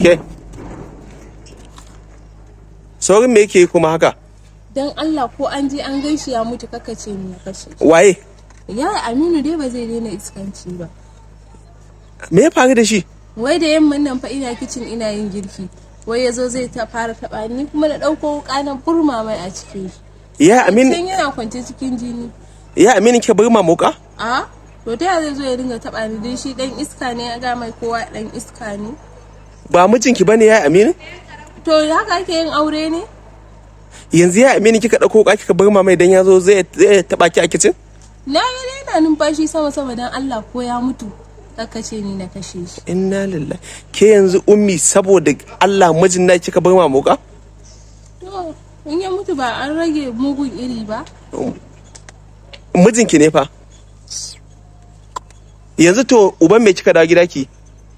ke saurin me yake kuma haka Don Allah ko an je an gaishe ya mutu kaka ce ni kashe waye ya Aminu dai ba zai daina iskanci ba me ya faru da shi wai da yamman nan fa ina kicin ina yin girki wai yazo zai ta fara taba ni kuma na dauko kanan na burma mai a cikin shi ya Aminu kin yana kwance cikin jini ya Aminu ke burma moka a to ta zai zo ya dinga taba ni dai shi dan iska ne ya ga mai kowa dan iska ne ba mijinki bane ya aminu to haka ake yin aure ne yanzu ya aminu kika dauko ka kika bar mai dan yazo zai zai taba ki a kicin na yi yana numfashi sama sama dan Allah ko ya mutu aka ce ni na kashe shi inna lillahi ke yanzu ummi saboda Allah mijin na kika bar ka? to in ya mutu ba an rage mugun iri ba mijinki ne fa yanzu to uban me kika da gida ki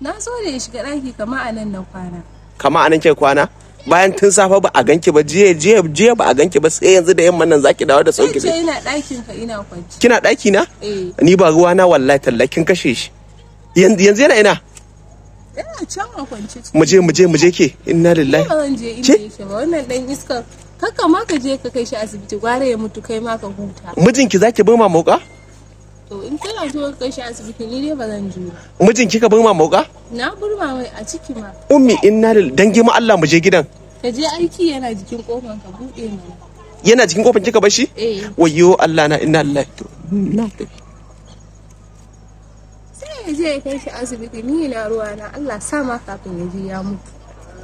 na so da ya shiga ɗaki kama a nan na kwana kama a nan ke kwana bayan tun safa ba a ganki ba jiya jiya jiya ba a ganki ba sai yanzu da yamman nan zaki dawo da sauki sai ɗakin ka ina kwanci kina ɗaki na eh. ni ba ruwa na wallahi tallakin kashe shi yanzu yanzu yana ina yana can a kwance mu je mu je mu je ke inna lillahi ba zan je inda yake ba wannan dan iskar kakka ma ka je ka kai shi asibiti gware ya mutu kai ma ka huta mijinki zaki bar mamuka in kana so ka shi asibiti ni dai ba zan je mijin kika burma mauka na burma mai a ciki ma ummi inna lil dange gima Allah mu je gidan ka je aiki yana jikin kofan ka bude mu yana jikin kofan kika bashi eh Allah na inna lillahi to na to sai ya je kai shi asibiti ni na ruwa na Allah sa ma kafin ya ji ya mutu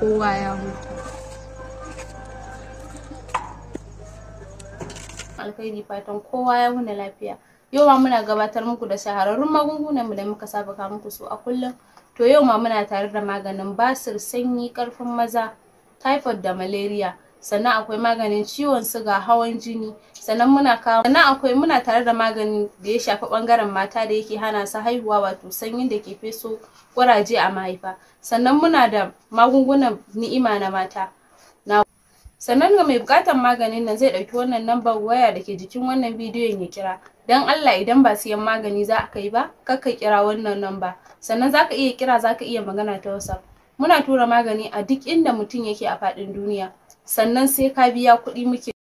kowa ya mutu ni fatan kowa ya wuna lafiya yau ma muna gabatar muku da shahararrun magungunan mu da muka saba ka muku su a kullum to yau ma muna tare da maganin basir sanyi karfin maza typhoid da malaria sannan akwai maganin ciwon suga hawan jini sannan muna kawo sannan akwai muna tare da maganin da ya shafi bangaren mata da yake hana su haihuwa wato sanyin da ke feso kuraje a mahaifa sannan muna da magungunan ni'ima na mata sannan ga mai buƙatar maganin nan zai ɗauki wannan lambar waya da ke jikin wannan bidiyon ya kira don Allah idan ba siyan magani za a kai ba kar ka kira wannan lamba sannan za ka iya kira za ka iya magana ta WhatsApp muna tura magani a duk inda mutum yake a faɗin duniya sannan sai ka biya kuɗi muke